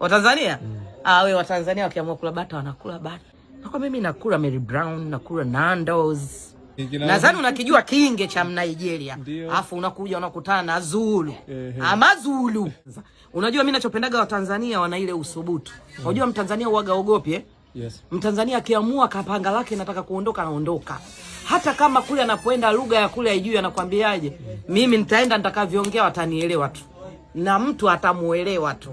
Watanzania mm. Ah, we Watanzania wakiamua kula bata wanakula bata. Nakuwa mimi nakula Mary Brown, nakula Nando's. Nadhani unakijua kinge cha Nigeria. Alafu unakuja unakutana na Zulu. Ama ah, Zulu. Unajua mimi nachopendaga Watanzania wana ile usubutu. Unajua mm. Mtanzania ogopi eh? Yes. Mtanzania akiamua kapanga lake nataka kuondoka naondoka. Hata kama kule anapoenda lugha ya kule haijui anakwambiaje. Mm. Mimi nitaenda nitakavyoongea watanielewa tu. Na mtu atamuelewa tu.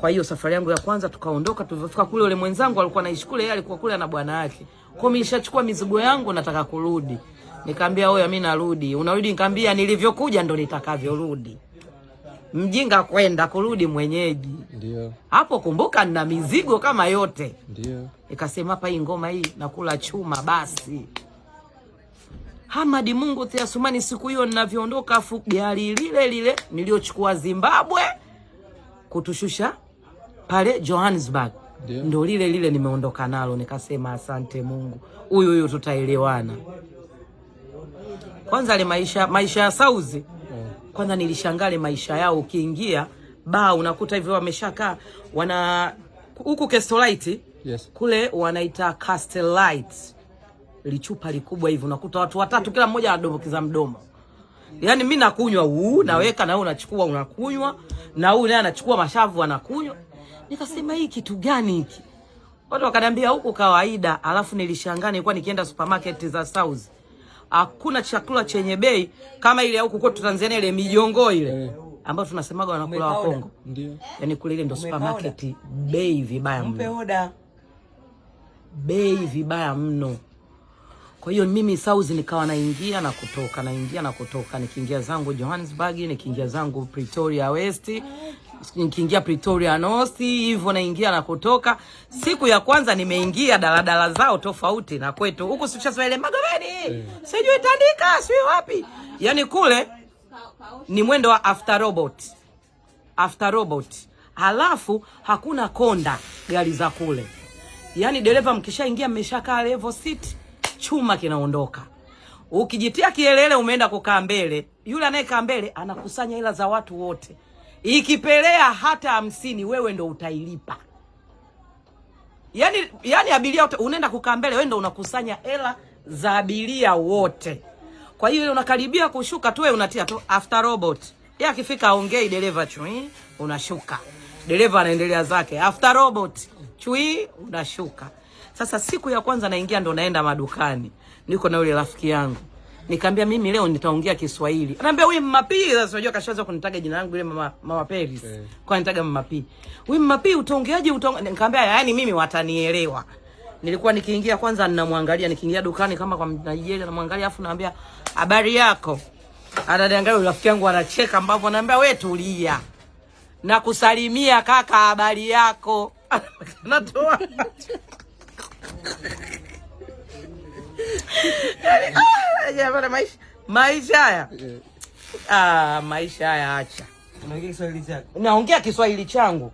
Kwa hiyo safari yangu ya kwanza tukaondoka, tulivyofika kule, yule mwenzangu alikuwa anaishi kule, yeye alikuwa kule na bwana yake. Kwa hiyo nilishachukua mizigo yangu, nataka kurudi. Nikamwambia wewe, mimi narudi. Unarudi? Nikamwambia nilivyokuja ndo nitakavyorudi. Mjinga kwenda kurudi mwenyeji. Ndio. Hapo kumbuka nina mizigo kama yote. Ndio. Nikasema hapa hii ngoma hii nakula chuma basi. Hamadi Mungu Theasumani, siku hiyo ninavyoondoka, afu gari lile lile niliochukua Zimbabwe kutushusha pale Johannesburg yeah. Ndo lile lile nimeondoka nalo nikasema asante Mungu, huyu huyu tutaelewana. Kwanza ile maisha maisha ya sauzi eh. kwanza nilishangale maisha yao, ukiingia ba unakuta hivyo wameshakaa wana huku Castellite yes. Kule wanaita Castellite lichupa likubwa hivi, unakuta watu watatu, kila mmoja anadombokeza mdomo. Yani mi nakunywa huu, naweka na wewe unachukua, unakunywa na huyu naye anachukua mashavu, anakunywa Nikasema hii kitu gani hiki? Watu wakaniambia huko kawaida, alafu nilishangaa nilikuwa nikienda supermarket za South. Hakuna chakula chenye bei kama ile huko kwetu Tanzania ile mijongo ile eh. ambayo tunasemaga wanakula wa Kongo. Ndio. Yaani kule ile ndio supermarket bei vibaya mno. Mpe oda. Bei vibaya mno. Kwa hiyo mimi sauzi nikawa naingia na kutoka, naingia na kutoka, nikiingia zangu Johannesburg, nikiingia zangu Pretoria West, nikiingia Pretoria North, hivyo naingia na kutoka. Siku ya kwanza nimeingia daladala zao tofauti na kwetu huku, sichaswele magoreni, eh. sijui tandika, sijui wapi, yani kule ni mwendo wa after robot, after robot, halafu hakuna konda gari za kule, yani dereva mkishaingia mmeshakaa level seat chuma kinaondoka. Ukijitia kielele, umeenda kukaa mbele, yule anayekaa mbele anakusanya hela za watu wote. Ikipelea hata hamsini, wewe ndo utailipa. Yani, yani abiria unaenda kukaa mbele, wewe ndo unakusanya hela za abiria wote. Kwa hiyo ile unakaribia kushuka tu, wewe unatia tu after robot. Yeye akifika aongei dereva chui, unashuka. Dereva anaendelea zake after robot chui, unashuka. Sasa siku ya kwanza naingia ndo naenda madukani, niko na yule rafiki yangu, nikamwambia mimi leo nitaongea Kiswahili. Anaambia wewe mmapi. Sasa unajua kashaanza kunitaga jina langu ile mama mama Paris, okay. Eh. kwa nitaga mmapi, wewe mmapi, utaongeaje? Utaongea? Nikamwambia yaani mimi watanielewa. Nilikuwa nikiingia kwanza ninamwangalia, nikiingia dukani kama kwa Nigeria namwangalia, afu naambia habari yako, ananiangalia rafiki yangu anacheka, ambapo anaambia wewe tulia na kusalimia kaka, habari yako natoa Unafanyaje pale maisha maisha haya? Eh. Ah, maisha haya acha. Unaongea Kiswahili chako. Naongea Kiswahili changu.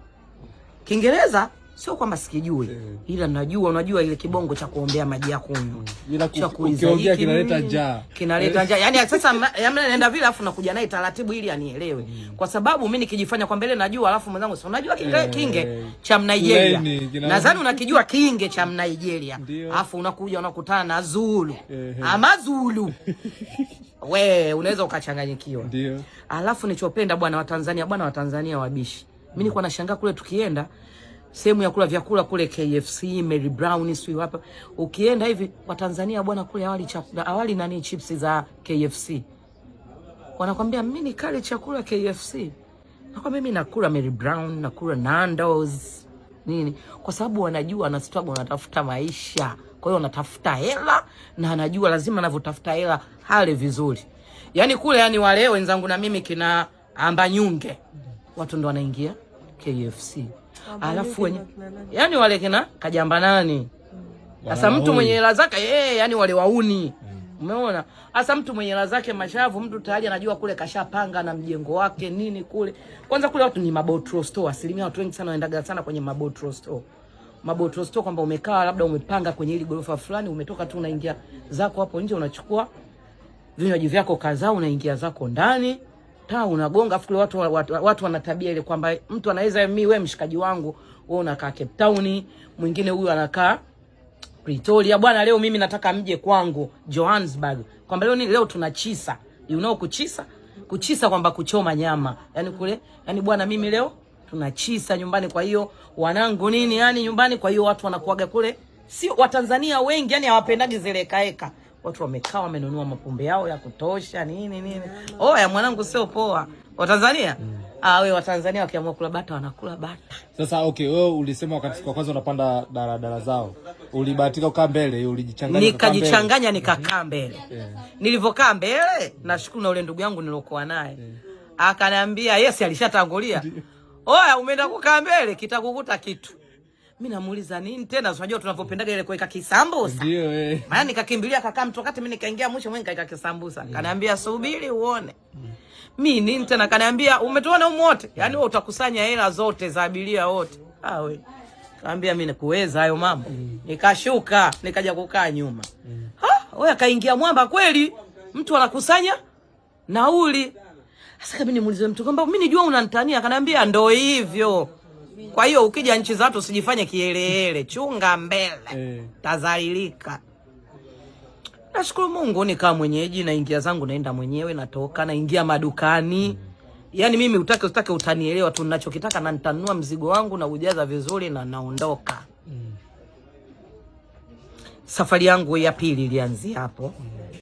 Kiingereza sio kwamba sikijui mm. ila najua, unajua ile kibongo cha kuombea maji ya kunywa mm. cha kuuliza kinaleta njaa, kinaleta eh. njaa yani sasa yamna nenda vile, afu nakuja naye taratibu ili anielewe mm. kwa sababu mimi nikijifanya kwamba ile najua, alafu mwanangu sio unajua kinge, eh, kinge cha Nigeria nadhani unakijua kinge cha Nigeria, afu unakuja unakutana na Zulu eh, ama Zulu we unaweza ukachanganyikiwa, ndio alafu nichopenda bwana wa Tanzania, bwana wa Tanzania wabishi, mimi mm. nilikuwa nashangaa kule tukienda sehemu ya kula vyakula kule KFC, Mary Brown, si hapa. Ukienda hivi kwa Tanzania bwana kule awali chakula, awali nani chips za KFC. Wanakwambia mimi ni kale chakula KFC. Nakwambia mimi nakula Mary Brown, nakula Nando's. Nini? Kwa sababu wanajua ana struggle anatafuta maisha. Kwa hiyo wanatafuta hela na anajua lazima anavyotafuta hela hale vizuri. Yaani kule yani wale wenzangu na mimi kina amba nyunge Watu ndo wanaingia KFC alafu wenye yani yaani wale kina kajamba nani sasa mtu mwenye hela zake yeye, eh, yani wale wauni mm. Umeona sasa, mtu mwenye hela zake mashavu, mtu tayari anajua kule kashapanga na mjengo wake nini kule. Kwanza kule watu ni mabotro store, asilimia watu wengi sana waendaga sana kwenye mabotro store. Mabotro store kwamba umekaa labda umepanga kwenye ile gorofa fulani, umetoka tu unaingia zako hapo nje, unachukua vinywaji vyako kadhaa, unaingia zako ndani taa unagonga, afu watu, watu, watu wana tabia ile kwamba mtu anaweza mimi, wewe mshikaji wangu, wewe unakaa Cape Town, mwingine huyu anakaa Pretoria. Bwana, leo mimi nataka mje kwangu Johannesburg, kwamba leo ni leo tunachisa, you know kuchisa, kuchisa kwamba kuchoma nyama, yani kule, yani bwana, mimi leo tunachisa nyumbani, kwa hiyo wanangu nini, yani nyumbani. Kwa hiyo watu wanakuaga kule, sio Watanzania wengi, yani hawapendagi zile kaeka watu wamekaa wamenunua mapombe yao ya kutosha, nini nini. Oya oh, mwanangu, sio poa Watanzania mm. Awe ah, Watanzania wakiamua kula bata wanakula bata. Sasa okay, wewe ulisema wakati kwa kwanza unapanda daladala zao ulibahatika ukaa mbele, ulijichanganya? Nikajichanganya nikakaa mm-hmm. mbele yeah. Nilivyokaa mbele, nashukuru na ule ndugu yangu nilokuwa naye yeah. Akaniambia yes, alishatangulia oya, umeenda kukaa mbele kitakukuta kitu mimi namuuliza nini tena? Unajua tunavyopendaga ile kuweka kisambusa. Ndio eh. Maana nikakimbilia kakaa wakati mimi nikaingia mwisho mwenye kaika kisambusa. Mm. Kaniambia subiri uone. Mm. Mimi nini tena kaniambia umetuona huko wote? Mm. Yaani wewe utakusanya hela zote za abiria wote. Ah we. Kaambia mimi nikuweza hayo mambo. Nikashuka, nikaja kukaa nyuma. Ha, wewe akaingia mwamba kweli. Mtu anakusanya nauli. Sasa mimi nimuulize mtu kwamba mimi nijua unanitania, akaniambia ndio hivyo. Kwa hiyo ukija nchi za watu usijifanye kielele, chunga mbele, eh. tazalilika. Nashukuru Mungu nikaa mwenyeji, naingia zangu, naenda mwenyewe, natoka, naingia madukani. Yaani mimi utake usitake utanielewa tu, ninachokitaka na nitanunua mzigo wangu na ujaza vizuri na naondoka. Mm. Safari yangu ya pili ilianzia hapo. Mm.